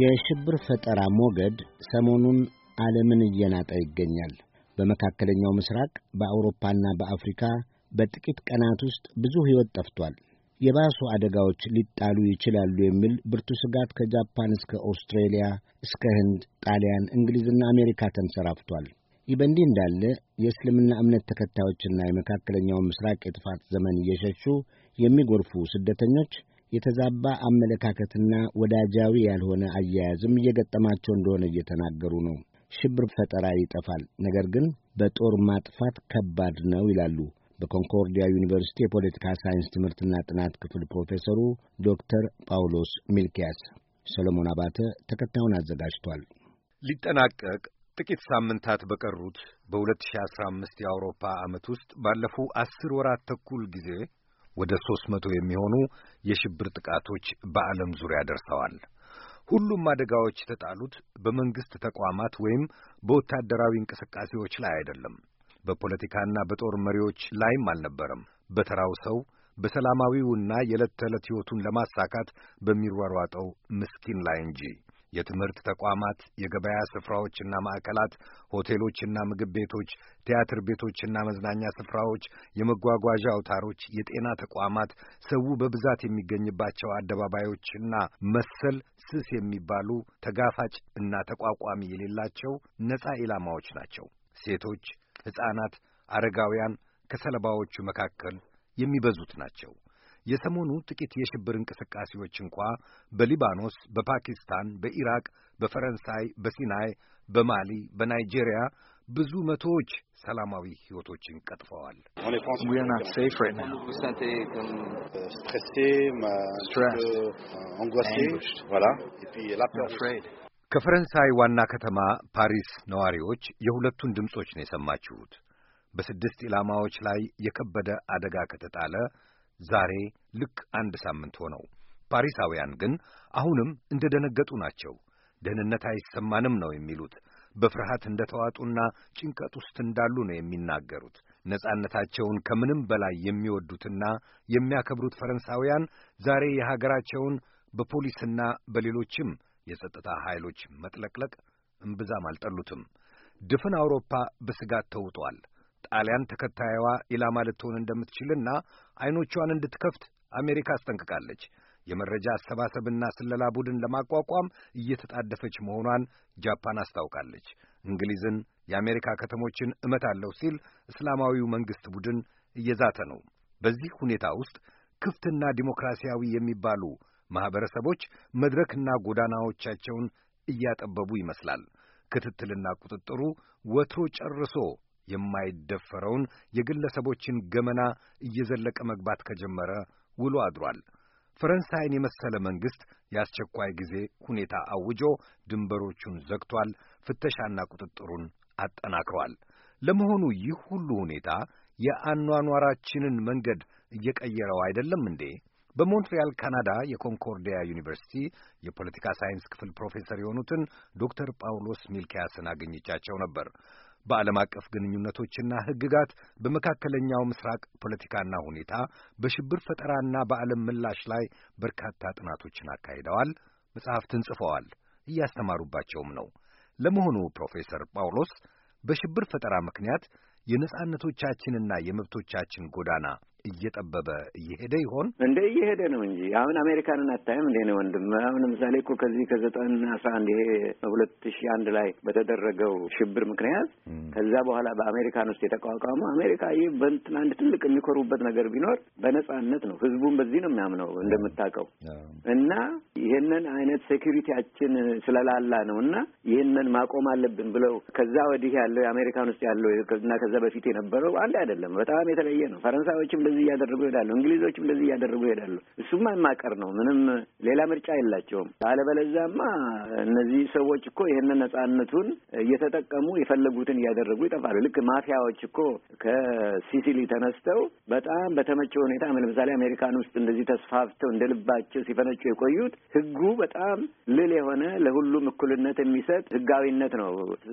የሽብር ፈጠራ ሞገድ ሰሞኑን ዓለምን እየናጠ ይገኛል። በመካከለኛው ምስራቅ፣ በአውሮፓና በአፍሪካ በጥቂት ቀናት ውስጥ ብዙ ሕይወት ጠፍቷል። የባሱ አደጋዎች ሊጣሉ ይችላሉ የሚል ብርቱ ስጋት ከጃፓን እስከ ኦስትሬሊያ፣ እስከ ህንድ፣ ጣሊያን፣ እንግሊዝና አሜሪካ ተንሰራፍቷል። ይህ በእንዲህ እንዳለ የእስልምና እምነት ተከታዮችና የመካከለኛውን ምስራቅ የጥፋት ዘመን እየሸሹ የሚጎርፉ ስደተኞች የተዛባ አመለካከትና ወዳጃዊ ያልሆነ አያያዝም እየገጠማቸው እንደሆነ እየተናገሩ ነው። ሽብር ፈጠራ ይጠፋል፣ ነገር ግን በጦር ማጥፋት ከባድ ነው ይላሉ በኮንኮርዲያ ዩኒቨርሲቲ የፖለቲካ ሳይንስ ትምህርትና ጥናት ክፍል ፕሮፌሰሩ ዶክተር ጳውሎስ ሚልኪያስ። ሰሎሞን አባተ ተከታዩን አዘጋጅቷል። ሊጠናቀቅ ጥቂት ሳምንታት በቀሩት በ2015 የአውሮፓ ዓመት ውስጥ ባለፉ አስር ወራት ተኩል ጊዜ ወደ 300 የሚሆኑ የሽብር ጥቃቶች በዓለም ዙሪያ ደርሰዋል። ሁሉም አደጋዎች የተጣሉት በመንግሥት ተቋማት ወይም በወታደራዊ እንቅስቃሴዎች ላይ አይደለም። በፖለቲካና በጦር መሪዎች ላይም አልነበረም። በተራው ሰው በሰላማዊውና የዕለት ተዕለት ሕይወቱን ለማሳካት በሚሯሯጠው ምስኪን ላይ እንጂ የትምህርት ተቋማት፣ የገበያ ስፍራዎችና ማዕከላት፣ ሆቴሎችና ምግብ ቤቶች፣ ቲያትር ቤቶችና መዝናኛ ስፍራዎች፣ የመጓጓዣ አውታሮች፣ የጤና ተቋማት፣ ሰው በብዛት የሚገኝባቸው አደባባዮችና መሰል ስስ የሚባሉ ተጋፋጭ እና ተቋቋሚ የሌላቸው ነፃ ኢላማዎች ናቸው። ሴቶች፣ ሕፃናት፣ አረጋውያን ከሰለባዎቹ መካከል የሚበዙት ናቸው። የሰሞኑ ጥቂት የሽብር እንቅስቃሴዎች እንኳ በሊባኖስ፣ በፓኪስታን፣ በኢራቅ፣ በፈረንሳይ፣ በሲናይ፣ በማሊ፣ በናይጄሪያ ብዙ መቶዎች ሰላማዊ ሕይወቶችን ቀጥፈዋል። ከፈረንሳይ ዋና ከተማ ፓሪስ ነዋሪዎች የሁለቱን ድምፆች ነው የሰማችሁት። በስድስት ኢላማዎች ላይ የከበደ አደጋ ከተጣለ ዛሬ ልክ አንድ ሳምንት ሆነው። ፓሪሳውያን ግን አሁንም እንደ ደነገጡ ናቸው። ደህንነት አይሰማንም ነው የሚሉት። በፍርሃት እንደ ተዋጡና ጭንቀት ውስጥ እንዳሉ ነው የሚናገሩት። ነጻነታቸውን ከምንም በላይ የሚወዱትና የሚያከብሩት ፈረንሳውያን ዛሬ የሀገራቸውን በፖሊስና በሌሎችም የጸጥታ ኃይሎች መጥለቅለቅ እምብዛም አልጠሉትም። ድፍን አውሮፓ በስጋት ተውጧል። ጣሊያን ተከታይዋ ኢላማ ልትሆን እንደምትችልና አይኖቿን እንድትከፍት አሜሪካ አስጠንቅቃለች። የመረጃ አሰባሰብና ስለላ ቡድን ለማቋቋም እየተጣደፈች መሆኗን ጃፓን አስታውቃለች። እንግሊዝን፣ የአሜሪካ ከተሞችን እመታለሁ ሲል እስላማዊው መንግሥት ቡድን እየዛተ ነው። በዚህ ሁኔታ ውስጥ ክፍትና ዲሞክራሲያዊ የሚባሉ ማኅበረሰቦች መድረክና ጎዳናዎቻቸውን እያጠበቡ ይመስላል። ክትትልና ቁጥጥሩ ወትሮ ጨርሶ የማይደፈረውን የግለሰቦችን ገመና እየዘለቀ መግባት ከጀመረ ውሎ አድሯል። ፈረንሳይን የመሰለ መንግሥት የአስቸኳይ ጊዜ ሁኔታ አውጆ ድንበሮቹን ዘግቷል፣ ፍተሻና ቁጥጥሩን አጠናክሯል። ለመሆኑ ይህ ሁሉ ሁኔታ የአኗኗራችንን መንገድ እየቀየረው አይደለም እንዴ? በሞንትሪያል ካናዳ የኮንኮርዲያ ዩኒቨርሲቲ የፖለቲካ ሳይንስ ክፍል ፕሮፌሰር የሆኑትን ዶክተር ጳውሎስ ሚልኪያስን አገኘቻቸው ነበር። በዓለም አቀፍ ግንኙነቶችና ሕግጋት፣ በመካከለኛው ምስራቅ ፖለቲካና ሁኔታ፣ በሽብር ፈጠራና በዓለም ምላሽ ላይ በርካታ ጥናቶችን አካሂደዋል። መጽሐፍትን ጽፈዋል። እያስተማሩባቸውም ነው። ለመሆኑ ፕሮፌሰር ጳውሎስ በሽብር ፈጠራ ምክንያት የነጻነቶቻችንና የመብቶቻችን ጎዳና እየጠበበ እየሄደ ይሆን? እንደ እየሄደ ነው እንጂ አሁን አሜሪካንን አታይም እንዴ ነው ወንድም። አሁን ለምሳሌ እኮ ከዚህ ከዘጠን አስራ አንድ ይሄ ሁለት ሺህ አንድ ላይ በተደረገው ሽብር ምክንያት ከዛ በኋላ በአሜሪካን ውስጥ የተቋቋመው አሜሪካ ይህ በንትን አንድ ትልቅ የሚኮሩበት ነገር ቢኖር በነጻነት ነው። ህዝቡን በዚህ ነው የሚያምነው እንደምታውቀው እና ይህንን አይነት ሴኪሪቲያችን ስለላላ ነው እና ይህንን ማቆም አለብን ብለው ከዛ ወዲህ ያለው የአሜሪካን ውስጥ ያለው እና ከዛ በፊት የነበረው አንድ አይደለም፣ በጣም የተለየ ነው። ፈረንሳዮችም እንደዚህ እያደረጉ ይሄዳሉ፣ እንግሊዞችም እንደዚህ እያደረጉ ይሄዳሉ። እሱም ማቀር ነው። ምንም ሌላ ምርጫ የላቸውም። አለበለዚያማ እነዚህ ሰዎች እኮ ይህንን ነጻነቱን እየተጠቀሙ የፈለጉትን እያደረጉ ይጠፋሉ። ልክ ማፊያዎች እኮ ከሲሲሊ ተነስተው በጣም በተመቸ ሁኔታ ለምሳሌ አሜሪካን ውስጥ እንደዚህ ተስፋፍተው እንደ ልባቸው ሲፈነጩ የቆዩት ህጉ በጣም ልል የሆነ ለሁሉም እኩልነት የሚሰጥ ህጋዊነት ነው።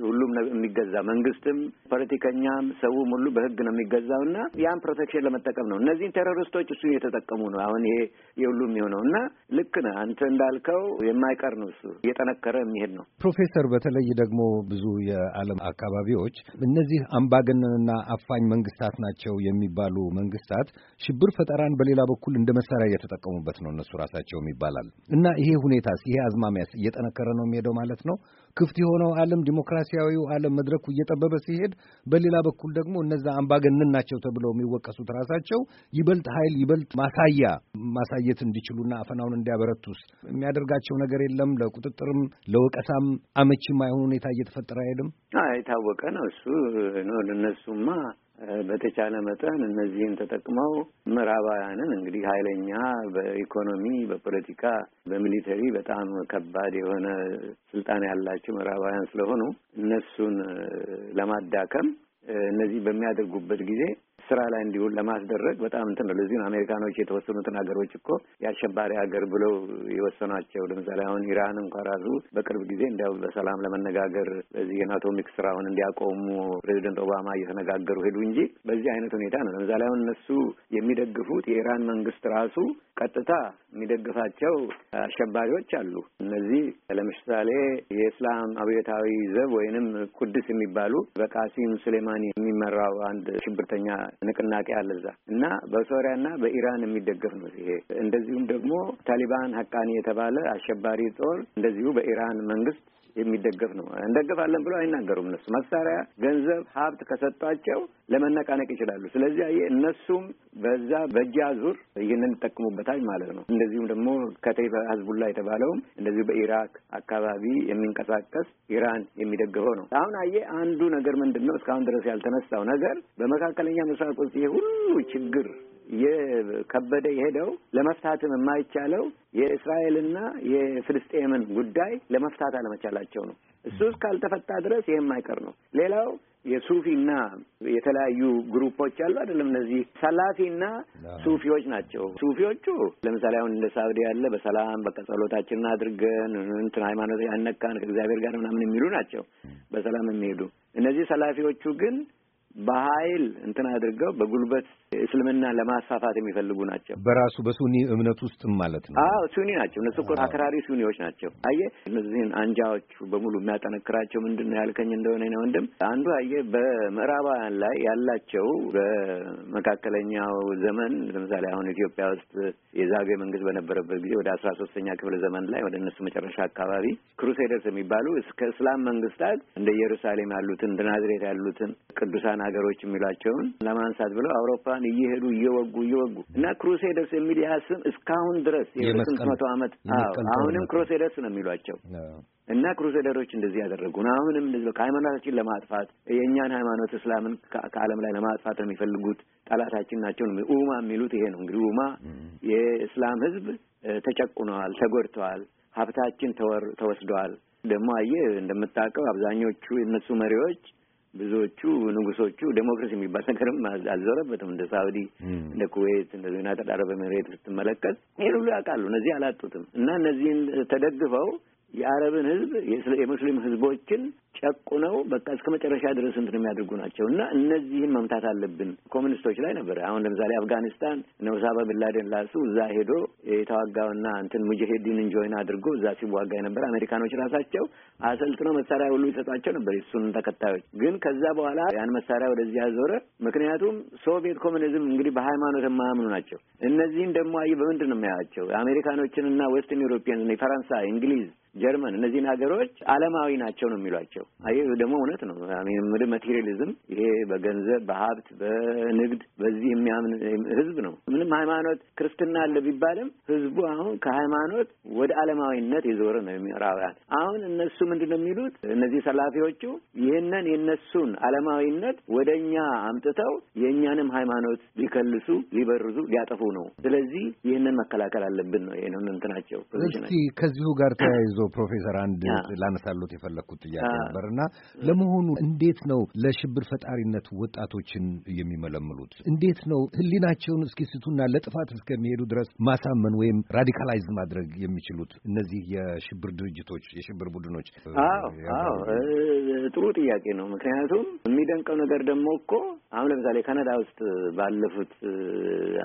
ሁሉም የሚገዛ መንግስትም፣ ፖለቲከኛም፣ ሰውም ሁሉ በህግ ነው የሚገዛው እና ያን ፕሮቴክሽን ለመጠቀም ነው። እነዚህን ቴሮሪስቶች እሱ እየተጠቀሙ ነው። አሁን ይሄ የሁሉም የሆነው እና ልክ ነህ አንተ እንዳልከው የማይቀር ነው። እሱ እየጠነከረ የሚሄድ ነው። ፕሮፌሰር፣ በተለይ ደግሞ ብዙ የዓለም አካባቢዎች እነዚህ አምባገነንና አፋኝ መንግስታት ናቸው የሚባሉ መንግስታት ሽብር ፈጠራን በሌላ በኩል እንደ መሳሪያ እየተጠቀሙበት ነው እነሱ ራሳቸውም ይባላል እና ይሄ ሁኔታስ ይሄ አዝማሚያስ እየጠነከረ ነው የሚሄደው ማለት ነው። ክፍት የሆነው ዓለም ዲሞክራሲያዊው ዓለም መድረኩ እየጠበበ ሲሄድ፣ በሌላ በኩል ደግሞ እነዛ አምባገነን ናቸው ተብለው የሚወቀሱት ራሳቸው ይበልጥ ኃይል ይበልጥ ማሳያ ማሳየት እንዲችሉና አፈናውን እንዲያበረቱስ የሚያደርጋቸው ነገር የለም? ለቁጥጥርም ለወቀሳም አመቺም አይሆን ሁኔታ እየተፈጠረ አይሄድም? የታወቀ ነው እሱ ነው ለእነሱማ በተቻለ መጠን እነዚህን ተጠቅመው ምዕራባውያንን እንግዲህ ኃይለኛ በኢኮኖሚ፣ በፖለቲካ፣ በሚሊተሪ በጣም ከባድ የሆነ ስልጣን ያላቸው ምዕራባውያን ስለሆኑ እነሱን ለማዳከም እነዚህ በሚያደርጉበት ጊዜ ስራ ላይ እንዲውል ለማስደረግ በጣም እንትን ነው። ለዚህ ነው አሜሪካኖች የተወሰኑትን ሀገሮች እኮ የአሸባሪ ሀገር ብለው የወሰኗቸው። ለምሳሌ አሁን ኢራን እንኳ ራሱ በቅርብ ጊዜ እንዲያው በሰላም ለመነጋገር በዚህ የአቶሚክ ስራውን እንዲያቆሙ ፕሬዚደንት ኦባማ እየተነጋገሩ ሄዱ እንጂ በዚህ አይነት ሁኔታ ነው። ለምሳሌ አሁን እነሱ የሚደግፉት የኢራን መንግስት ራሱ ቀጥታ የሚደግፋቸው አሸባሪዎች አሉ። እነዚህ ለምሳሌ የእስላም አብዮታዊ ዘብ ወይንም ቁድስ የሚባሉ በቃሲም ሱሌማኒ የሚመራው አንድ ሽብርተኛ ንቅናቄ አለ እዛ እና በሶሪያና በኢራን የሚደገፍ ነው ይሄ። እንደዚሁም ደግሞ ታሊባን ሀቃኒ የተባለ አሸባሪ ጦር እንደዚሁ በኢራን መንግስት የሚደገፍ ነው። እንደግፋለን ብሎ አይናገሩም። እነሱ መሳሪያ፣ ገንዘብ፣ ሀብት ከሰጧቸው ለመነቃነቅ ይችላሉ። ስለዚህ አየህ እነሱም በዛ በእጅ አዙር ይህንን ይጠቅሙበታል ማለት ነው። እንደዚሁም ደግሞ ከተይበ ህዝቡላ የተባለውም እንደዚሁ በኢራቅ አካባቢ የሚንቀሳቀስ ኢራን የሚደግፈው ነው። አሁን አየህ አንዱ ነገር ምንድን ነው እስካሁን ድረስ ያልተነሳው ነገር በመካከለኛ ምስራቅ ውስጥ ይሄ ሁሉ ችግር የከበደ የሄደው ለመፍታትም የማይቻለው የእስራኤልና የፍልስጤምን ጉዳይ ለመፍታት አለመቻላቸው ነው። እሱ እስካልተፈታ ድረስ ይህ የማይቀር ነው። ሌላው የሱፊና የተለያዩ ግሩፖች አሉ አይደለም? እነዚህ ሰላፊና ሱፊዎች ናቸው። ሱፊዎቹ ለምሳሌ አሁን እንደ ሳውዲ ያለ በሰላም በቃ ጸሎታችንን አድርገን እንትን ሃይማኖት ያነካን ከእግዚአብሔር ጋር ምናምን የሚሉ ናቸው፣ በሰላም የሚሄዱ እነዚህ ሰላፊዎቹ ግን በኃይል እንትን አድርገው በጉልበት እስልምና ለማስፋፋት የሚፈልጉ ናቸው። በራሱ በሱኒ እምነት ውስጥ ማለት ነው። አዎ ሱኒ ናቸው እነሱ እኮ አክራሪ ሱኒዎች ናቸው። አየ እነዚህን አንጃዎቹ በሙሉ የሚያጠነክራቸው ምንድን ነው ያልከኝ እንደሆነ ነው ወንድም አንዱ አየ በምዕራባውያን ላይ ያላቸው በመካከለኛው ዘመን ለምሳሌ አሁን ኢትዮጵያ ውስጥ የዛጌ መንግስት በነበረበት ጊዜ ወደ አስራ ሶስተኛ ክፍለ ዘመን ላይ ወደ እነሱ መጨረሻ አካባቢ ክሩሴደርስ የሚባሉ እስከ እስላም መንግስታት እንደ ኢየሩሳሌም ያሉትን እንደ ናዝሬት ያሉትን ቅዱሳን አፍሪካን ሀገሮች የሚሏቸውን ለማንሳት ብለው አውሮፓን እየሄዱ እየወጉ እየወጉ እና ክሩሴደርስ የሚል ስም እስካሁን ድረስ የስምንት መቶ ዓመት አሁንም ክሩሴደርስ ነው የሚሏቸው እና ክሩሴደሮች እንደዚህ ያደረጉ ያደረጉን አሁንም እንደዚህ ከሃይማኖታችን ለማጥፋት የእኛን ሃይማኖት እስላምን ከዓለም ላይ ለማጥፋት ነው የሚፈልጉት። ጠላታችን ናቸው። ኡማ የሚሉት ይሄ ነው እንግዲህ ኡማ የእስላም ህዝብ ተጨቁነዋል፣ ተጎድተዋል፣ ሀብታችን ተወስደዋል። ደግሞ አየህ እንደምታውቀው አብዛኞቹ የነሱ መሪዎች ብዙዎቹ ንጉሶቹ ዴሞክራሲ የሚባል ነገርም አልዞረበትም። እንደ ሳውዲ፣ እንደ ኩዌት፣ እንደ ዩናይትድ አረብ ኤሚሬት ስትመለከት ይህ ሁሉ ያውቃሉ። እነዚህ አላጡትም እና እነዚህን ተደግፈው የአረብን ህዝብ የሙስሊም ህዝቦችን ጨቁነው በቃ እስከ መጨረሻ ድረስ እንትን የሚያደርጉ ናቸው እና እነዚህን መምታት አለብን። ኮሚኒስቶች ላይ ነበረ። አሁን ለምሳሌ አፍጋኒስታን ነውሳባ ኡሳማ ቢንላደን ላሱ እዛ ሄዶ የተዋጋውና እንትን ሙጃሂዲን እንጆይን አድርጎ እዛ ሲዋጋ ነበር። አሜሪካኖች ራሳቸው አሰልጥነው መሳሪያ ሁሉ ይሰጧቸው ነበር የሱን ተከታዮች። ግን ከዛ በኋላ ያን መሳሪያ ወደዚህ ያዞረ። ምክንያቱም ሶቪየት ኮሚኒዝም እንግዲህ በሃይማኖት የማያምኑ ናቸው። እነዚህን ደግሞ አይ በምንድን ነው የሚያያቸው? አሜሪካኖችንና ዌስትን ዩሮፒያን፣ ፈረንሳይ፣ እንግሊዝ ጀርመን እነዚህን ሀገሮች አለማዊ ናቸው ነው የሚሏቸው። ይህ ደግሞ እውነት ነው። ምድ መቴሪያሊዝም ይሄ በገንዘብ በሀብት በንግድ በዚህ የሚያምን ህዝብ ነው። ምንም ሃይማኖት ክርስትና አለ ቢባልም ህዝቡ አሁን ከሃይማኖት ወደ አለማዊነት የዞረ ነው። የምዕራባውያን አሁን እነሱ ምንድን ነው የሚሉት? እነዚህ ሰላፊዎቹ ይህንን የነሱን አለማዊነት ወደ እኛ አምጥተው የእኛንም ሃይማኖት ሊከልሱ ሊበርዙ ሊያጠፉ ነው። ስለዚህ ይህንን መከላከል አለብን ነው ይህንን እንትናቸው። ከዚሁ ጋር ተያይዞ ጉዞ ፕሮፌሰር አንድ ላነሳሉት የፈለግኩት ጥያቄ ነበር እና ለመሆኑ እንዴት ነው ለሽብር ፈጣሪነት ወጣቶችን የሚመለምሉት? እንዴት ነው ህሊናቸውን እስኪስቱና ለጥፋት እስከሚሄዱ ድረስ ማሳመን ወይም ራዲካላይዝ ማድረግ የሚችሉት እነዚህ የሽብር ድርጅቶች፣ የሽብር ቡድኖች? አዎ አዎ፣ ጥሩ ጥያቄ ነው። ምክንያቱም የሚደንቀው ነገር ደግሞ እኮ አሁን ለምሳሌ ካናዳ ውስጥ ባለፉት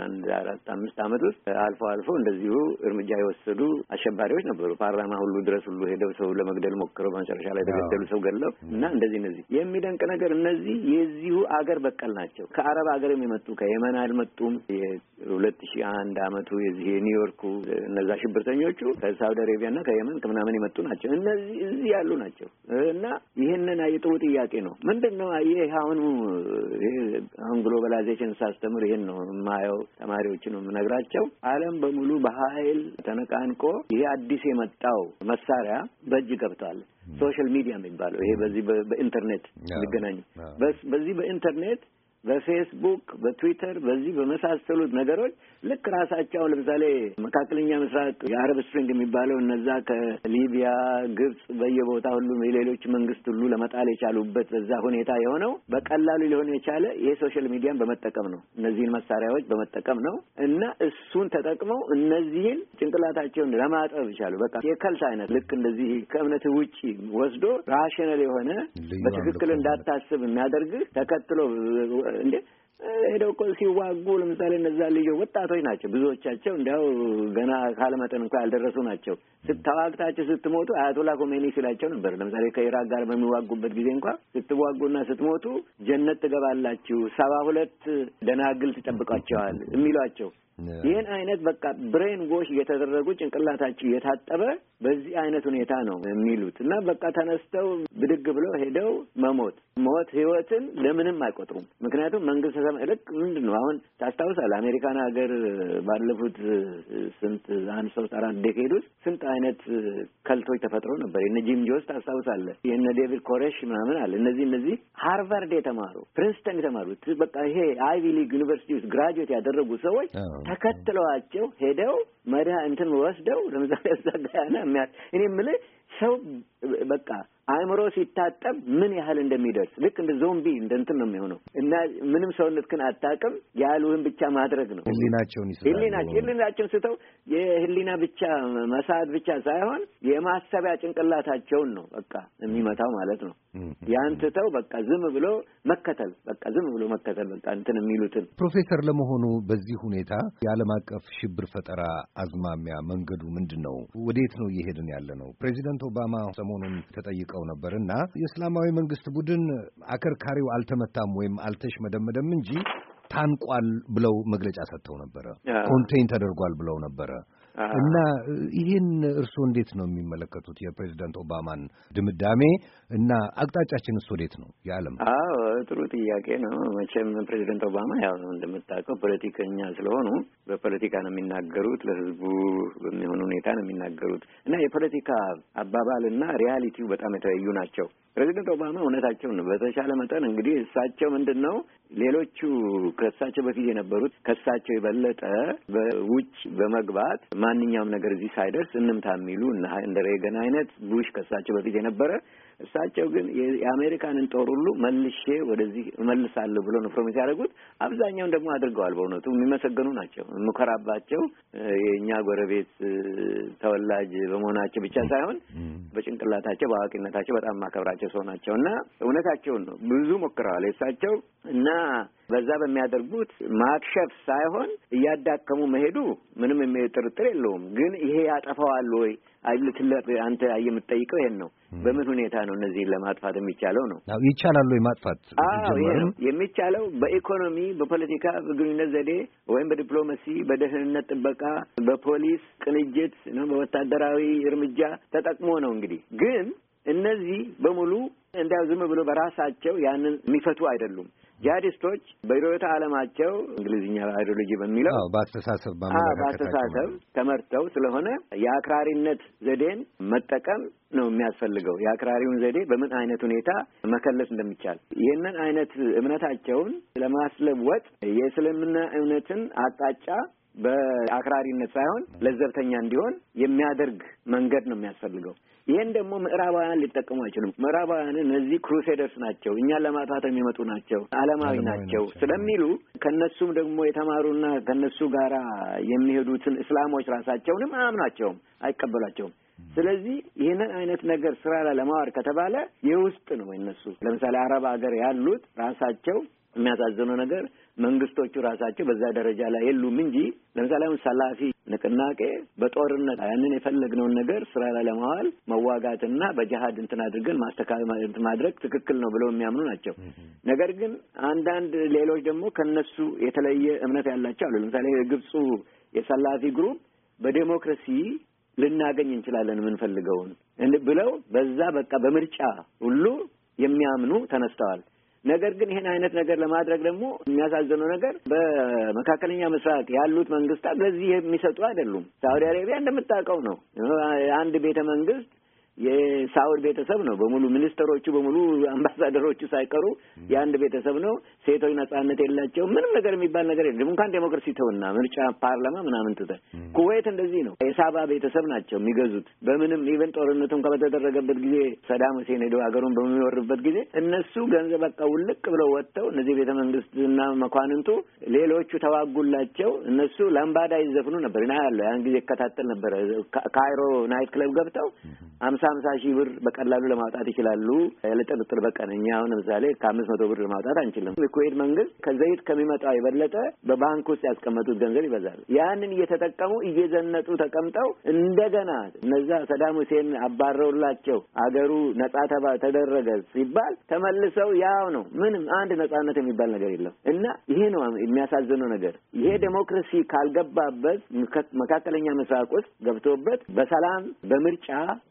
አንድ አራት አምስት ዓመት ውስጥ አልፎ አልፎ እንደዚሁ እርምጃ የወሰዱ አሸባሪዎች ነበሩ። ፓርላማ ሁሉ ድረስ ሁሉ ሄደው ሰው ለመግደል ሞክረው በመጨረሻ ላይ የተገደሉ ሰው ገለው እና እንደዚህ እነዚህ የሚደንቅ ነገር እነዚህ የዚሁ አገር በቀል ናቸው። ከአረብ ሀገር የሚመጡ ከየመን አልመጡም። የሁለት ሺህ አንድ አመቱ የዚህ የኒውዮርኩ እነዛ ሽብርተኞቹ ከሳውዲ አረቢያና ከየመን ከምናምን የመጡ ናቸው። እነዚህ እዚህ ያሉ ናቸው እና ይህንን የጥሩ ጥያቄ ነው። ምንድን ነው ይህ አሁኑ አሁን ግሎባላይዜሽን ሳስተምር ይህን ነው የማየው ተማሪዎችን የምነግራቸው አለም በሙሉ በሀይል ተነቃንቆ ይሄ አዲስ የመጣው መሳሪያ በእጅ ገብቷል። ሶሻል ሚዲያ የሚባለው ይሄ በዚህ በኢንተርኔት የሚገናኙ በዚህ በኢንተርኔት በፌስቡክ፣ በትዊተር በዚህ በመሳሰሉት ነገሮች ልክ ራሳቸው ለምሳሌ መካከለኛ ምስራቅ የአረብ ስፕሪንግ የሚባለው እነዛ ከሊቢያ ግብጽ፣ በየቦታ ሁሉ የሌሎች መንግስት ሁሉ ለመጣል የቻሉበት በዛ ሁኔታ የሆነው በቀላሉ ሊሆን የቻለ የሶሻል ሚዲያን በመጠቀም ነው። እነዚህን መሳሪያዎች በመጠቀም ነው እና እሱን ተጠቅመው እነዚህን ጭንቅላታቸውን ለማጠብ ይቻሉ። በቃ የከልት አይነት ልክ እንደዚህ ከእምነት ውጪ ወስዶ ራሽናል የሆነ በትክክል እንዳታስብ የሚያደርግህ ተከትሎ እንዴ ሄደው እኮ ሲዋጉ ለምሳሌ እነዛ ልጆ ወጣቶች ናቸው። ብዙዎቻቸው እንዲያው ገና ካለመጠን እንኳ ያልደረሱ ናቸው። ስታዋግታቸው ስትሞቱ አያቶላ ኮሜኒ ሲላቸው ነበር። ለምሳሌ ከኢራቅ ጋር በሚዋጉበት ጊዜ እንኳ ስትዋጉና ስትሞቱ ጀነት ትገባላችሁ፣ ሰባ ሁለት ደናግል ትጠብቋቸዋል የሚሏቸው ይህን አይነት በቃ ብሬን ዎሽ የተደረጉ ጭንቅላታቸው የታጠበ በዚህ አይነት ሁኔታ ነው የሚሉት እና በቃ ተነስተው ብድግ ብለው ሄደው መሞት ሞት ህይወትን ለምንም አይቆጥሩም። ምክንያቱም መንግስት ሰማ ልክ ምንድን ነው አሁን ታስታውሳል አሜሪካን ሀገር ባለፉት ስንት አንድ ሶስት አራት ዴኬድ ውስጥ ስንት አይነት ከልቶች ተፈጥሮ ነበር። የነ ጂም ጆስ ታስታውሳለ የነ ዴቪድ ኮሬሽ ምናምን አለ እነዚህ እነዚህ ሃርቫርድ የተማሩ ፕሪንስተን የተማሩ በቃ ይሄ አይቪ ሊግ ዩኒቨርሲቲ ውስጥ ግራጁዌት ያደረጉ ሰዎች ተከትለዋቸው ሄደው መድህ እንትን ወስደው ለምሳሌ እዛ ጋያና እኔ የምልህ ሰው በቃ አእምሮ ሲታጠብ ምን ያህል እንደሚደርስ ልክ እንደ ዞምቢ እንደ እንትን ነው የሚሆነው እና ምንም ሰውነት ሰውነትህን አታውቅም። ያሉህን ብቻ ማድረግ ነው። ህሊናቸውን ህሊናቸው ህሊናቸውን ስተው የህሊና ብቻ መሳት ብቻ ሳይሆን የማሰቢያ ጭንቅላታቸውን ነው በቃ የሚመታው ማለት ነው። ያን ስተው በቃ ዝም ብሎ መከተል በቃ ዝም ብሎ መከተል በቃ እንትን የሚሉትን ፕሮፌሰር፣ ለመሆኑ በዚህ ሁኔታ የዓለም አቀፍ ሽብር ፈጠራ አዝማሚያ መንገዱ ምንድን ነው? ወዴት ነው እየሄድን ያለ ነው? ፕሬዚደንት ኦባማ ሰሞ መሆኑን ተጠይቀው ነበር እና የእስላማዊ መንግስት ቡድን አከርካሪው አልተመታም ወይም አልተሽመደመደም እንጂ ታንቋል ብለው መግለጫ ሰጥተው ነበረ። ኮንቴይን ተደርጓል ብለው ነበረ እና ይህን እርስዎ እንዴት ነው የሚመለከቱት? የፕሬዚዳንት ኦባማን ድምዳሜ እና አቅጣጫችን እሱ ወዴት ነው የዓለም? አዎ ጥሩ ጥያቄ ነው። መቼም ፕሬዚደንት ኦባማ ያው ነው እንደምታውቀው ፖለቲከኛ ስለሆኑ በፖለቲካ ነው የሚናገሩት፣ ለህዝቡ በሚሆን ሁኔታ ነው የሚናገሩት እና የፖለቲካ አባባል እና ሪያሊቲው በጣም የተለዩ ናቸው። ፕሬዚደንት ኦባማ እውነታቸውን ነው። በተሻለ መጠን እንግዲህ እሳቸው ምንድን ነው ሌሎቹ ከእሳቸው በፊት የነበሩት ከእሳቸው የበለጠ በውጭ በመግባት ማንኛውም ነገር እዚህ ሳይደርስ እንምታ የሚሉ እንደ ሬገን አይነት ቡሽ ከእሳቸው በፊት የነበረ እሳቸው ግን የአሜሪካንን ጦር ሁሉ መልሼ ወደዚህ እመልሳለሁ ብሎ ነው ፕሮሚስ ያደረጉት። አብዛኛውን ደግሞ አድርገዋል። በእውነቱ የሚመሰገኑ ናቸው። የምኮራባቸው የእኛ ጎረቤት ተወላጅ በመሆናቸው ብቻ ሳይሆን በጭንቅላታቸው በአዋቂነታቸው በጣም ማከብራቸው ሰው ናቸው እና እውነታቸውን ነው። ብዙ ሞክረዋል የእሳቸው እና በዛ በሚያደርጉት ማክሸፍ ሳይሆን እያዳከሙ መሄዱ ምንም ጥርጥር የለውም። ግን ይሄ ያጠፋዋል ወይ አይልትለት አንተ የምትጠይቀው ይሄን ነው። በምን ሁኔታ ነው እነዚህን ለማጥፋት የሚቻለው ነው? አዎ ይቻላል ወይ ማጥፋት? አዎ ይሄ ነው የሚቻለው። በኢኮኖሚ፣ በፖለቲካ፣ በግንኙነት ዘዴ ወይም በዲፕሎማሲ፣ በደህንነት ጥበቃ፣ በፖሊስ ቅንጅት፣ በወታደራዊ እርምጃ ተጠቅሞ ነው እንግዲህ ግን እነዚህ በሙሉ እንዲያው ዝም ብሎ በራሳቸው ያንን የሚፈቱ አይደሉም። ጂሀዲስቶች በርዕዮተ ዓለማቸው እንግሊዝኛ አይዲዮሎጂ በሚለው በአስተሳሰብ በአስተሳሰብ ተመርተው ስለሆነ የአክራሪነት ዘዴን መጠቀም ነው የሚያስፈልገው። የአክራሪውን ዘዴ በምን አይነት ሁኔታ መከለስ እንደሚቻል ይህንን አይነት እምነታቸውን ለማስለወጥ የእስልምና እምነትን አቅጣጫ በአክራሪነት ሳይሆን ለዘብተኛ እንዲሆን የሚያደርግ መንገድ ነው የሚያስፈልገው። ይህን ደግሞ ምዕራባውያን ሊጠቀሙ አይችሉም። ምዕራባውያን እነዚህ ክሩሴደርስ ናቸው፣ እኛ ለማጥፋት የሚመጡ ናቸው፣ አለማዊ ናቸው ስለሚሉ ከነሱም ደግሞ የተማሩና ከነሱ ጋር የሚሄዱትን እስላሞች ራሳቸውንም አያምናቸውም፣ አይቀበሏቸውም። ስለዚህ ይህንን አይነት ነገር ስራ ላይ ለማዋል ከተባለ የውስጥ ነው። እነሱ ለምሳሌ አረብ ሀገር ያሉት ራሳቸው የሚያሳዝነው ነገር መንግስቶቹ ራሳቸው በዛ ደረጃ ላይ የሉም እንጂ ለምሳሌ አሁን ሰላፊ ንቅናቄ በጦርነት ያንን የፈለግነውን ነገር ስራ ላይ ለማዋል መዋጋትና በጅሀድ እንትን አድርገን ማስተካከል ማድረግ ትክክል ነው ብለው የሚያምኑ ናቸው። ነገር ግን አንዳንድ ሌሎች ደግሞ ከነሱ የተለየ እምነት ያላቸው አሉ። ለምሳሌ የግብፁ የሰላፊ ግሩፕ በዴሞክራሲ ልናገኝ እንችላለን የምንፈልገውን ብለው በዛ በቃ በምርጫ ሁሉ የሚያምኑ ተነስተዋል። ነገር ግን ይህን አይነት ነገር ለማድረግ ደግሞ የሚያሳዝነው ነገር በመካከለኛ ምስራቅ ያሉት መንግስታት ለዚህ የሚሰጡ አይደሉም። ሳውዲ አረቢያ እንደምታውቀው ነው አንድ ቤተ መንግስት የሳውድ ቤተሰብ ነው በሙሉ ሚኒስተሮቹ በሙሉ አምባሳደሮቹ ሳይቀሩ የአንድ ቤተሰብ ነው። ሴቶች ነጻነት የላቸውም። ምንም ነገር የሚባል ነገር የለም። እንኳን ዴሞክራሲ ተውና ምርጫ፣ ፓርላማ ምናምን ትተህ ኩዌት እንደዚህ ነው። የሳባ ቤተሰብ ናቸው የሚገዙት። በምንም ኢቨን ጦርነቱን ከበተደረገበት ጊዜ ሰዳም ሁሴን ሄደው ሀገሩን በሚወርበት ጊዜ እነሱ ገንዘብ በቃ ውልቅ ብለው ወጥተው እነዚህ ቤተ መንግስትና መኳንንቱ ሌሎቹ ተዋጉላቸው። እነሱ ላምባዳ ይዘፍኑ ነበር። ና ያለው ያን ጊዜ ይከታተል ነበረ። ካይሮ ናይት ክለብ ገብተው ሀምሳ አምሳ ሺህ ብር በቀላሉ ለማውጣት ይችላሉ። ለጥርጥር በቀን እኛ አሁን ለምሳሌ ከአምስት መቶ ብር ለማውጣት አንችልም። የኩዌት መንግስት ከዘይት ከሚመጣው የበለጠ በባንክ ውስጥ ያስቀመጡት ገንዘብ ይበዛል። ያንን እየተጠቀሙ እየዘነጡ ተቀምጠው እንደገና እነዛ ሰዳም ሁሴን አባረውላቸው አገሩ ነጻ ተባ ተደረገ ሲባል ተመልሰው ያው ነው። ምንም አንድ ነጻነት የሚባል ነገር የለም እና ይሄ ነው የሚያሳዝነው ነገር። ይሄ ዴሞክራሲ ካልገባበት መካከለኛ ምስራቅ ውስጥ ገብቶበት በሰላም በምርጫ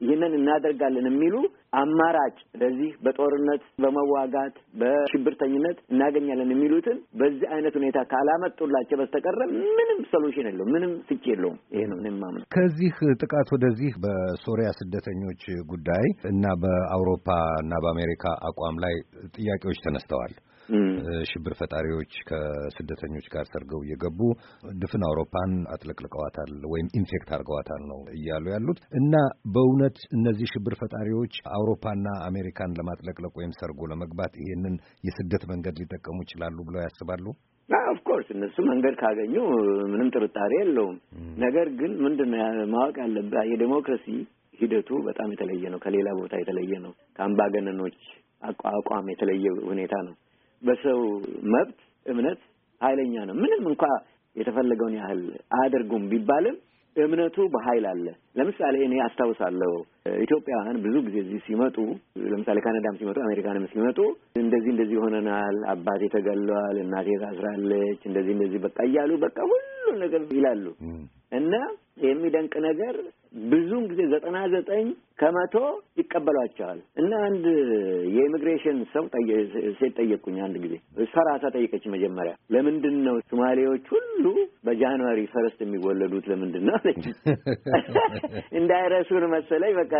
ይህንን እናደርጋለን የሚሉ አማራጭ ለዚህ በጦርነት በመዋጋት በሽብርተኝነት እናገኛለን የሚሉትን በዚህ አይነት ሁኔታ ካላመጡላቸው በስተቀረ ምንም ሶሉሽን የለውም፣ ምንም ስኪ የለውም። ይሄ ነው ማምነው። ከዚህ ጥቃት ወደዚህ በሶሪያ ስደተኞች ጉዳይ እና በአውሮፓ እና በአሜሪካ አቋም ላይ ጥያቄዎች ተነስተዋል። ሽብር ፈጣሪዎች ከስደተኞች ጋር ሰርገው እየገቡ ድፍን አውሮፓን አጥለቅልቀዋታል ወይም ኢንፌክት አድርገዋታል ነው እያሉ ያሉት እና በእውነት እነ እነዚህ ሽብር ፈጣሪዎች አውሮፓና አሜሪካን ለማጥለቅለቅ ወይም ሰርጎ ለመግባት ይህንን የስደት መንገድ ሊጠቀሙ ይችላሉ ብለው ያስባሉ? ኦፍኮርስ እነሱ መንገድ ካገኙ ምንም ጥርጣሬ የለውም። ነገር ግን ምንድን ነው ማወቅ ያለብህ የዴሞክራሲ ሂደቱ በጣም የተለየ ነው። ከሌላ ቦታ የተለየ ነው። ከአምባገነኖች አቋም የተለየ ሁኔታ ነው። በሰው መብት እምነት ኃይለኛ ነው። ምንም እንኳ የተፈለገውን ያህል አያደርጉም ቢባልም እምነቱ በኃይል አለ። ለምሳሌ እኔ አስታውሳለሁ ኢትዮጵያውያን ብዙ ጊዜ እዚህ ሲመጡ፣ ለምሳሌ ካናዳም ሲመጡ፣ አሜሪካንም ሲመጡ እንደዚህ እንደዚህ ሆነናል፣ አባቴ ተገሏል፣ እናቴ ታስራለች፣ እንደዚህ እንደዚህ በቃ እያሉ በቃ ሁሉ ነገር ይላሉ እና የሚደንቅ ነገር ብዙውን ጊዜ ዘጠና ዘጠኝ ከመቶ ይቀበሏቸዋል። እና አንድ የኢሚግሬሽን ሰው ሴት ጠየቅኩኝ። አንድ ጊዜ እሷ ራሷ መጀመሪያ ለምንድን ነው ሶማሌዎች ሁሉ በጃንዋሪ ፈረስት የሚወለዱት ለምንድን ነው አለች። እንዳይረሱን መሰለኝ በቃ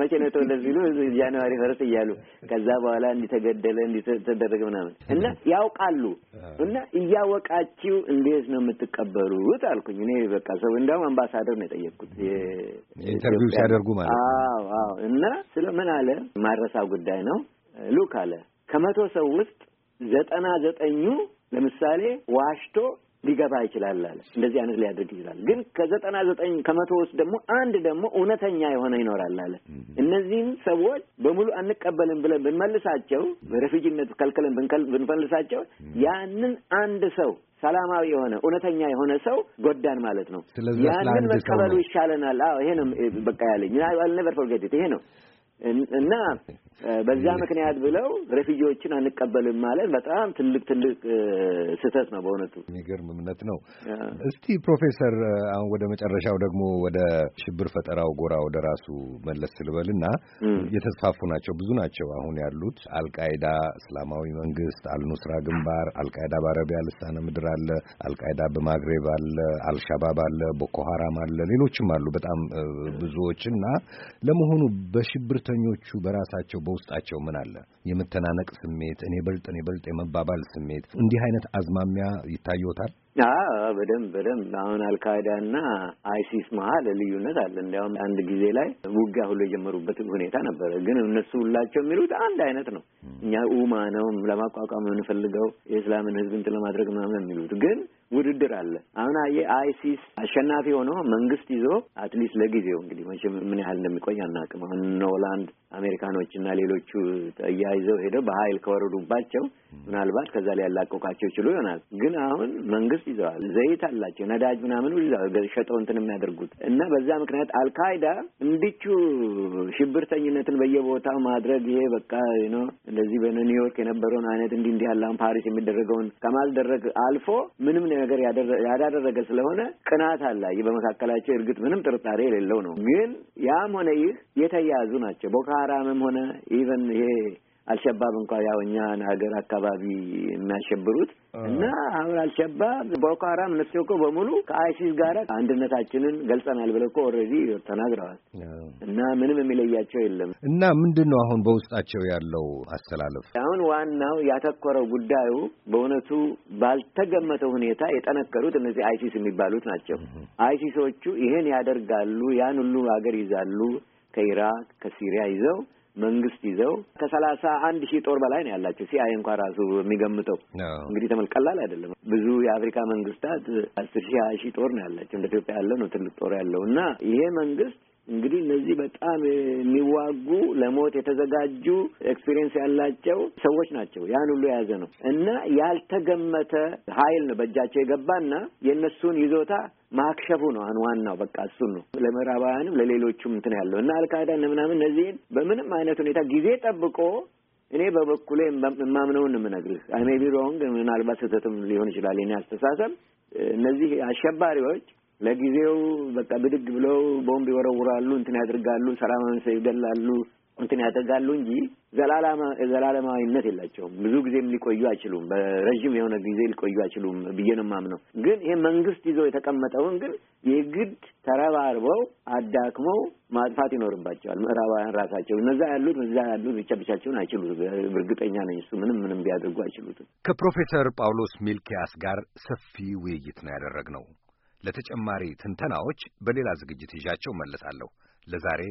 መቼ ነው የተወለድ ሲሉ ጃንዋሪ ፈረስት እያሉ ከዛ በኋላ እንዲተገደለ እንዲተደረገ ምናምን እና ያውቃሉ። እና እያወቃችው እንዴት ነው የምትቀበሉት አልኩኝ። እኔ በቃ ሰው እንዲያውም አምባሳደር ነው የጠየቅኩት ኢንተርቪው ሲያደርጉ ማለት ነው እና ስለ ምን አለ ማረሳው ጉዳይ ነው ሉክ አለ ከመቶ ሰው ውስጥ ዘጠና ዘጠኙ ለምሳሌ ዋሽቶ ሊገባ ይችላል አለ። እንደዚህ አይነት ሊያደርግ ይችላል። ግን ከዘጠና ዘጠኝ ከመቶ ውስጥ ደግሞ አንድ ደግሞ እውነተኛ የሆነ ይኖራል አለ። እነዚህም ሰዎች በሙሉ አንቀበልም ብለን ብንመልሳቸው፣ በረፊጅነት ከልክለን ብንፈልሳቸው ያንን አንድ ሰው ሰላማዊ የሆነ እውነተኛ የሆነ ሰው ጎዳን ማለት ነው። ያንን መቀበሉ ይሻለናል። ይሄ ነው በቃ ያለኝ። ኔቨር ፎርጌት ይሄ ነው እና በዛ ምክንያት ብለው ሬፊጂዎችን አንቀበልም ማለት በጣም ትልቅ ትልቅ ስህተት ነው። በእውነቱ የሚገርም እምነት ነው። እስቲ ፕሮፌሰር አሁን ወደ መጨረሻው ደግሞ ወደ ሽብር ፈጠራው ጎራ ወደ ራሱ መለስ እና የተስፋፉ ናቸው፣ ብዙ ናቸው አሁን ያሉት አልቃይዳ፣ እስላማዊ መንግስት፣ አልኑስራ ግንባር፣ አልቃይዳ በአረቢያ ልሳነ ምድር አለ፣ አልቃይዳ በማግሬብ አለ፣ አልሻባብ አለ፣ ቦኮ ሀራም አለ፣ ሌሎችም አሉ በጣም ብዙዎች እና ለመሆኑ በሽብር ስደተኞቹ በራሳቸው በውስጣቸው ምን አለ የመተናነቅ ስሜት፣ እኔ በልጥ እኔ በልጥ የመባባል ስሜት እንዲህ አይነት አዝማሚያ ይታየዎታል? በደንብ በደንብ አሁን አልቃይዳና አይሲስ መሀል ልዩነት አለ። እንዲያውም አንድ ጊዜ ላይ ውጊያ ሁሉ የጀመሩበት ሁኔታ ነበረ። ግን እነሱ ሁላቸው የሚሉት አንድ አይነት ነው። እኛ ኡማ ነው ለማቋቋም የምንፈልገው የእስላምን ህዝብ እንትን ለማድረግ ምናምን የሚሉት ግን ውድድር አለ። አሁን አይሲስ አሸናፊ ሆኖ መንግስት ይዞ አትሊስት ለጊዜው እንግዲህ መቼም ምን ያህል እንደሚቆይ አናውቅም። አሁን ኖላንድ አሜሪካኖችና ሌሎቹ ተያይዘው ሄደው በኃይል ከወረዱባቸው ምናልባት ከዛ ላይ ያላቀቋቸው ይችሉ ይሆናል። ግን አሁን መንግስት ይዘዋል፣ ዘይት አላቸው፣ ነዳጅ ምናምን ይዘዋል፣ ሸጠው እንትን የሚያደርጉት እና በዛ ምክንያት አልካይዳ እንዲቹ ሽብርተኝነትን በየቦታው ማድረግ ይሄ በቃ ነው እንደዚህ በኒውዮርክ የነበረውን አይነት እንዲህ እንዲህ ያለ አሁን ፓሪስ የሚደረገውን ከማልደረግ አልፎ ምንም ነገር ያዳደረገ ስለሆነ ቅናት አለ በመካከላቸው እርግጥ ምንም ጥርጣሬ የሌለው ነው። ግን ያም ሆነ ይህ የተያያዙ ናቸው። ቦኮ አራምም ሆነ ኢቨን ይሄ አልሸባብ እንኳ ያው እኛን ሀገር አካባቢ የሚያሸብሩት እና አሁን አልሸባብ ቦኮ እነሱ እኮ በሙሉ ከአይሲስ ጋር አንድነታችንን ገልጸናል ብለው እኮ ኦልሬዲ ተናግረዋል። እና ምንም የሚለያቸው የለም። እና ምንድን ነው አሁን በውስጣቸው ያለው አስተላለፍ? አሁን ዋናው ያተኮረው ጉዳዩ በእውነቱ ባልተገመተ ሁኔታ የጠነከሩት እነዚህ አይሲስ የሚባሉት ናቸው። አይሲሶቹ ይህን ያደርጋሉ፣ ያን ሁሉ ሀገር ይዛሉ ከኢራቅ ከሲሪያ ይዘው መንግስት ይዘው ከሰላሳ አንድ ሺህ ጦር በላይ ነው ያላቸው ሲአይኤ እንኳ ራሱ የሚገምተው እንግዲህ ተመል ቀላል አይደለም። ብዙ የአፍሪካ መንግስታት አስር ሺህ ሀያ ሺህ ጦር ነው ያላቸው እንደ ኢትዮጵያ ያለው ነው ትልቅ ጦር ያለው እና ይሄ መንግስት እንግዲህ እነዚህ በጣም የሚዋጉ ለሞት የተዘጋጁ ኤክስፒሪየንስ ያላቸው ሰዎች ናቸው። ያን ሁሉ የያዘ ነው እና ያልተገመተ ኃይል ነው በእጃቸው የገባና የእነሱን ይዞታ ማክሸፉ ነው ዋናው። በቃ እሱን ነው ለምዕራባውያንም ለሌሎቹም እንትን ያለው እና አልቃይዳ ምናምን እነዚህን በምንም አይነት ሁኔታ ጊዜ ጠብቆ እኔ በበኩሌ የማምነውን የምነግርህ አይሜ ቢሮውን ግን ምናልባት ስህተትም ሊሆን ይችላል። የኔ አስተሳሰብ እነዚህ አሸባሪዎች ለጊዜው በቃ ብድግ ብለው ቦምብ ይወረውራሉ፣ እንትን ያደርጋሉ፣ ሰላማዊ ሰው ይገላሉ፣ እንትን ያደርጋሉ እንጂ ዘላለማዊነት የላቸውም። ብዙ ጊዜም ሊቆዩ አይችሉም። በረዥም የሆነ ጊዜ ሊቆዩ አይችሉም ብዬ ነው የማምነው። ግን ይሄ መንግስት ይዘው የተቀመጠውን ግን የግድ ተረባርበው አዳክመው ማጥፋት ይኖርባቸዋል። ምዕራባውያን ራሳቸው እነዛ ያሉት እዛ ያሉት ብቻ ብቻቸውን አይችሉት። እርግጠኛ ነኝ እሱ ምንም ምንም ቢያደርጉ አይችሉትም። ከፕሮፌሰር ጳውሎስ ሚልኪያስ ጋር ሰፊ ውይይት ነው ያደረግነው። ለተጨማሪ ትንተናዎች በሌላ ዝግጅት ይዣቸው መለሳለሁ። ለዛሬ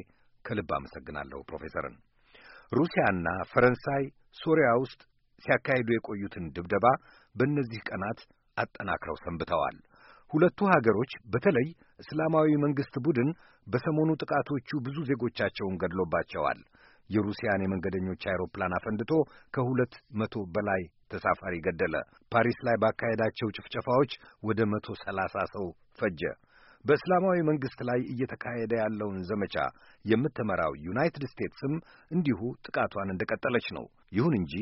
ከልብ አመሰግናለሁ ፕሮፌሰርን። ሩሲያና ፈረንሳይ ሶሪያ ውስጥ ሲያካሂዱ የቆዩትን ድብደባ በእነዚህ ቀናት አጠናክረው ሰንብተዋል። ሁለቱ ሀገሮች በተለይ እስላማዊ መንግሥት ቡድን በሰሞኑ ጥቃቶቹ ብዙ ዜጎቻቸውን ገድሎባቸዋል። የሩሲያን የመንገደኞች አይሮፕላን አፈንድቶ ከሁለት መቶ በላይ ተሳፋሪ ገደለ። ፓሪስ ላይ ባካሄዳቸው ጭፍጨፋዎች ወደ መቶ ሰላሳ ሰው ፈጀ። በእስላማዊ መንግሥት ላይ እየተካሄደ ያለውን ዘመቻ የምትመራው ዩናይትድ ስቴትስም እንዲሁ ጥቃቷን እንደቀጠለች ነው። ይሁን እንጂ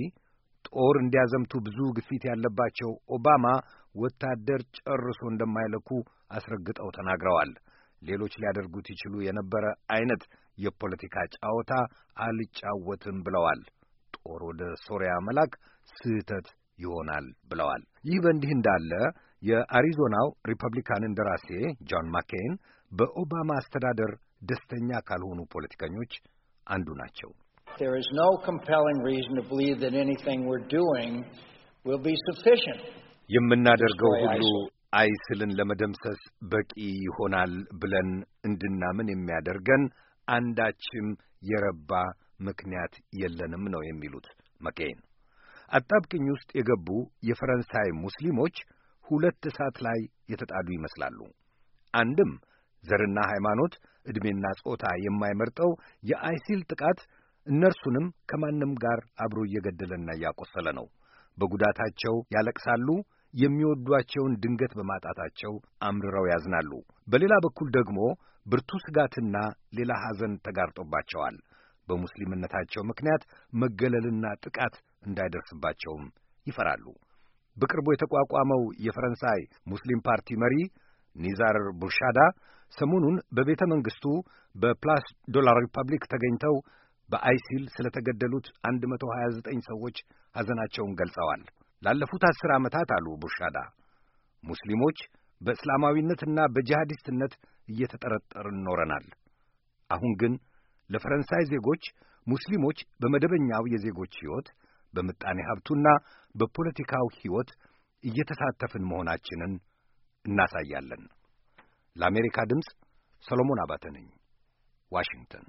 ጦር እንዲያዘምቱ ብዙ ግፊት ያለባቸው ኦባማ ወታደር ጨርሶ እንደማይለኩ አስረግጠው ተናግረዋል። ሌሎች ሊያደርጉት ይችሉ የነበረ አይነት የፖለቲካ ጨዋታ አልጫወትም ብለዋል። ጦር ወደ ሶሪያ መላክ ስህተት ይሆናል ብለዋል። ይህ በእንዲህ እንዳለ የአሪዞናው ሪፐብሊካን እንደራሴ ጆን ማኬን በኦባማ አስተዳደር ደስተኛ ካልሆኑ ፖለቲከኞች አንዱ ናቸው። የምናደርገው ሁሉ አይስልን ለመደምሰስ በቂ ይሆናል ብለን እንድናምን የሚያደርገን አንዳችም የረባ ምክንያት የለንም ነው የሚሉት መኬን። አጣብቅኝ ውስጥ የገቡ የፈረንሳይ ሙስሊሞች ሁለት እሳት ላይ የተጣሉ ይመስላሉ። አንድም ዘርና ሃይማኖት፣ ዕድሜና ጾታ የማይመርጠው የአይሲል ጥቃት እነርሱንም ከማንም ጋር አብሮ እየገደለና እያቆሰለ ነው። በጉዳታቸው ያለቅሳሉ። የሚወዷቸውን ድንገት በማጣታቸው አምርረው ያዝናሉ። በሌላ በኩል ደግሞ ብርቱ ስጋትና ሌላ ሐዘን ተጋርጦባቸዋል። በሙስሊምነታቸው ምክንያት መገለልና ጥቃት እንዳይደርስባቸውም ይፈራሉ። በቅርቡ የተቋቋመው የፈረንሳይ ሙስሊም ፓርቲ መሪ ኒዛር ቡርሻዳ ሰሞኑን በቤተ መንግሥቱ በፕላስ ዶ ሪፐብሊክ ተገኝተው በአይሲል ስለተገደሉት 129 ሰዎች ሐዘናቸውን ገልጸዋል። ላለፉት አስር ዓመታት አሉ ቡርሻዳ ሙስሊሞች በእስላማዊነትና በጂሃዲስትነት እየተጠረጠርን ኖረናል። አሁን ግን ለፈረንሳይ ዜጎች ሙስሊሞች በመደበኛው የዜጎች ሕይወት በምጣኔ ሀብቱና በፖለቲካው ሕይወት እየተሳተፍን መሆናችንን እናሳያለን። ለአሜሪካ ድምፅ ሰሎሞን አባተ ነኝ፣ ዋሽንግተን